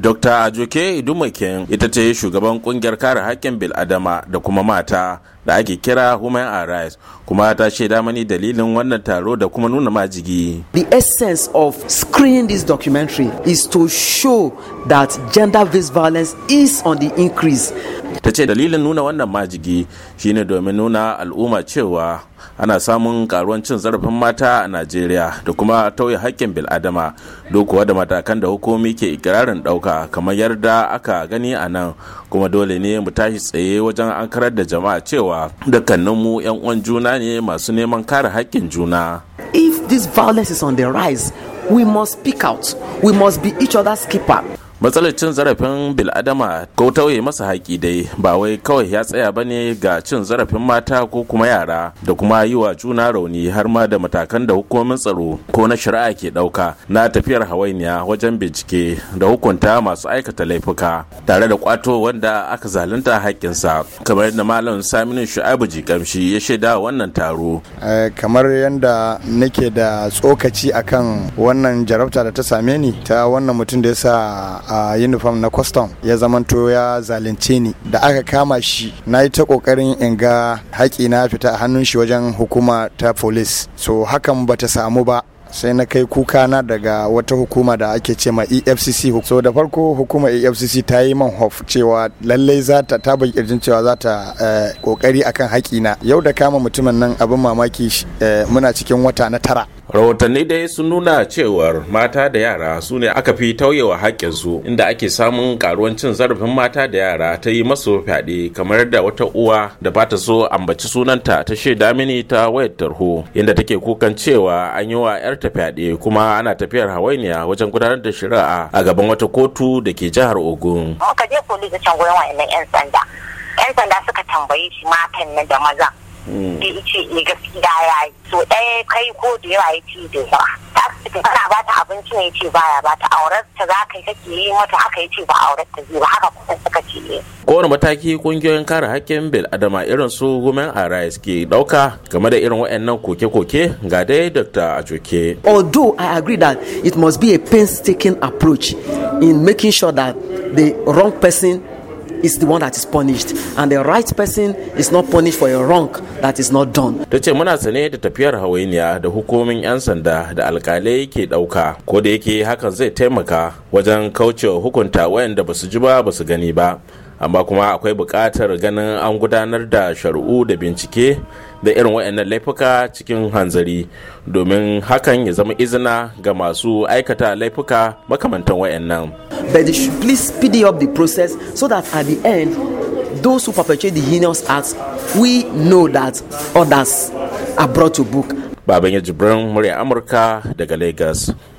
dr ajoke idumaken ita ce shugaban kungiyar kare haƙƙin bil'adama da kuma mata da ake kira human rights kuma ta shaida mani dalilin wannan taro da kuma nuna majigi the essence of screening this documentary is to show that gender-based violence is on the increase ta ce dalilin nuna wannan majigi shine domin nuna al'umma cewa ana samun karuwan cin zarafin mata a najeriya da kuma tauye haƙƙin bil'adama dokuwa da matakan da hukumi ke ikirarin ɗauka kamar yarda aka gani anan kuma dole ne mu tashi tsaye wajen karar da jama'a cewa cewa dukkaninmu 'yan uwan juna ne masu neman kare haƙƙin juna. If this violence is on the rise, we must speak out. We must be each other's keeper. matsalar cin zarafin biladama ko tauye masa haƙi dai ba wai kawai ya tsaya ba ne ga cin zarafin mata ko kuma yara da kuma yi wa juna rauni har ma da matakan da hukumomin tsaro ko na shari'a ke ɗauka na tafiyar hawainiya wajen bincike da hukunta masu aikata laifuka tare da kwato wanda aka zalunta haƙƙinsa kamar yadda malam saminu shu'abu jikamshi ya shaida wannan taro eh, kamar yadda nake da tsokaci akan wannan jarabta da ta same ni ta wannan mutum da ya sa a uniform na custom ya zamanto ya zalunce ni da aka kama shi na yi ta kokarin in ga haƙi na fita a hannun shi wajen hukuma ta police so hakan bata samu ba sai na kai kuka na daga wata hukuma da ake ce ma efcc so da farko hukuma efcc ta yi man hof cewa lallai za ta ta kirjin cewa za ta kokari eh, akan haƙi na yau da kama mutumin nan abin mamaki eh, muna cikin wata na tara rahotanni dai sun nuna cewar mata da yara su ne aka fi tauyewa haƙƙinsu inda ake samun karuwan cin zarafin mata da yara ta yi masu fyaɗe kamar da wata uwa da ba ta so ambaci sunanta ta shaida mini ta wayar tarho inda take kukan cewa an yi wa yarta fyaɗe kuma ana tafiyar hawainiya wajen gudanar da shari'a a gaban wata kotu da ke jihar ogun ka je police can gurin wa'annan yan sanda yan sanda suka tambayi shi matan nan da mazan da mm. ya ce e gaskiya ya yi so ɗaya eh, kai ko da yawa ya ce da yawa ta asibiti kana ba ta abinci ne ce baya ba ta aurar ta za ka yi kake yi mata haka ya ce ba aurar ta zai ba haka kuma suka ce e. kowane mataki kungiyoyin kare hakkin bil adama irin su women rights ke ɗauka game da irin waɗannan koke-koke ga dai dr ajoke. although i agree that it must be a painstaking approach in making sure that the wrong person is the one that is punished and the right person is not punished for a wrong that is not done. Ta ce muna sane da tafiyar hawainiya da hukumomin 'yan sanda da alkalai ke ɗauka ko da yake hakan zai taimaka wajen kaucewa hukunta wayanda ba su ji ba ba su gani ba amma kuma akwai buƙatar ganin an gudanar da shari'u da bincike da irin waɗannan laifuka cikin hanzari domin hakan ya zama izina ga masu aikata laifuka makamantan waɗannan. But they should please speed up the process so that at the end those who perpetrate the heinous acts we know that others are brought to book. Baban jibrin murya Amurka daga Lagos.